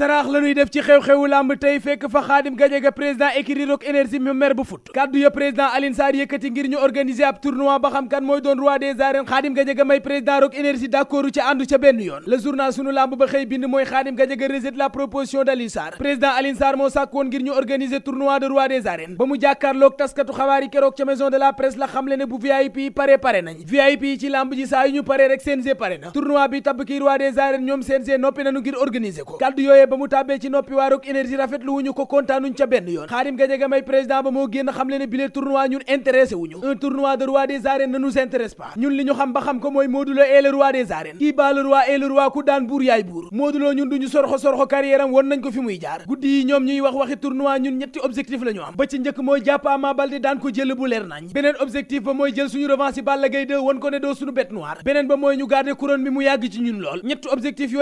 saraax la ñuy def ci xew xew làmb tey fekk fa Xaadim Gajaga président écurie Rock Énergie mu maire bu fut kaddu ya président Alioune Sarr yëkkati ngir ñu organiser ab tournoi ba xam kan mooy doon roi des arènes Xaadim Gajaga may président Rock làmb ba xëy bind moo sàkkoon ñu organiser tournoi de roi des arènes ba mu jàkkaarloog taskatu ca maison de la presse la xamle ne bu VIP yi pare pare nañ VIP yi ci làmb ji saa yu ñu pare rek CNG pare na tournoi bi tabb kii roi des arènes ñoom CNG noppi nañu ngir organiser ko kaddu ba mu tàbbee ci noppi waaruk énergie rafet lu wuñu ko kontaanuñ ca benn yoon Khadim Gadiaga may président ba moo génn xam le ne bile tournoi ñun intéressé wuñu un tournoi de roi des arènes ne nous intéresse pas ñun li ñu xam ba xam ko mooy Modou Lo roi des arènes kii baa le roi est roi ku daan buur yaay buur Modou Lo ñun duñu sorxo sorxo carrière am woon nañ ko fi muy jaar guddi yi ñoom ñuy wax waxi tournoi ñun ñetti objectif la ñu am ba ci njëkk ne doo suñu bête ñu garder couronne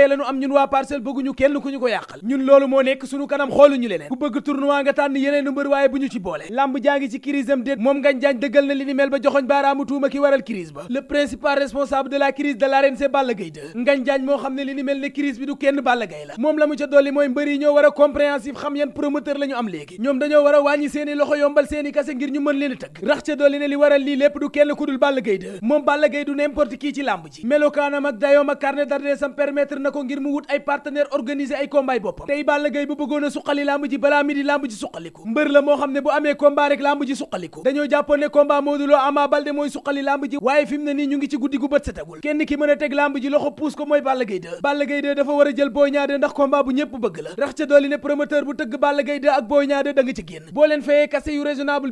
lañu am ñun ko yàqal ñun loolu moo nekk suñu kanam xooluñu leneen ku bëgg tournoi nga tànn yeneen mbër waaye bu ñu ci boole lamb jaa ngi ci crise am déet moom ngañ jaañ dëggal na li ni mel ba joxoñ baaraamu tuuma ki waral crise ba le principal responsable de la crise de l'arène c'est Balla Gaye 2 ngañ jaañ moo xam ne li ni mel ne crise bi du kenn Balla Gaye la moom la mu ca dolli mooy mbër yi ñoo war a compréhensif xam yan promoteur la ñu am léegi ñoom dañoo yombal seeni kase ngir ñu mën leen a tëgg rax ca dolli ne li waral ku dul Balla Gaye 2 ci làmb ji melokaanam ak dayoom ak carnet d'adresse permettre na ko ngir mu wut ay partenaire organiser ay combat boppam tey Balla Gaye bu bëggoon a suqali lamb ji balaa midi lamb ji suqaliku mbër la moo xam ne bu amee combat rek lamb ji suqaliku dañoo jàppoon ne combat Modou Lo Ama Baldé mooy suqali lamb ji waaye fi mu ne nii ñu ngi ci guddi gu bët setagul kenn ki mën a teg ji loxo ko mooy Balla Gaye 2 bu ñëpp bëgg la rax ca dooli ne promoteur bu tëgg Balla Gaye 2 ak Boy Niang 2 da génn boo leen fayee yu raisonnable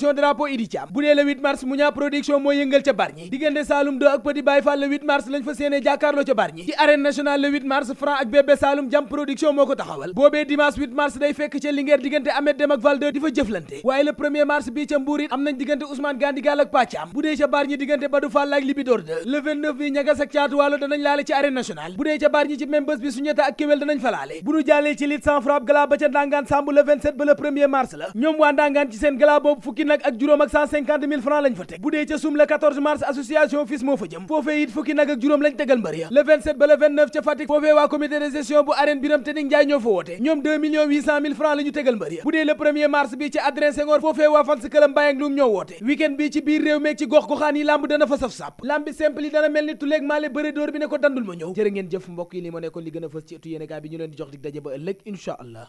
production bu dee le 8 mars Mouña production moo yëngal ca Bargny diggante Saloum 2 ak Petit Baye Fall le 8 mars lañ fa séenee jàkkaarloo ca Bargny ci arène nationale le 8 mars Franc ak bébé Saloum jam production moo ko taxawal boobee dimanche 8 mars day fekk ca Linguère diggante Ahmed Dem ak Val 2 di fa jëflante waaye le 1 mars bii ca Mbour am nañ diggante Ousmane Gandigal ak Pathiam bu dee ca Bargny diggante ba ca Ndangaan Samb le 27 ba nag ak juróom ak 150 000 francs lañ fa teg bu ca sum le mars association FILS moo fa jëm foofee it fukki nag ak juróom lañ tegal mbër ya le 27 ba le 29 ca Fatick foofee waa comité de gestion bu arène Birame Tening Ndiaye ñoo fa woote ñoom 2 francs la tegal mbër ya bu dee le mars bi ca Adrien Senghor foofee waa fans këlam Mbaye ak Loum ñoo woote week bi ci biir réew meeg ci gox goxaan yi lamb dana fa saf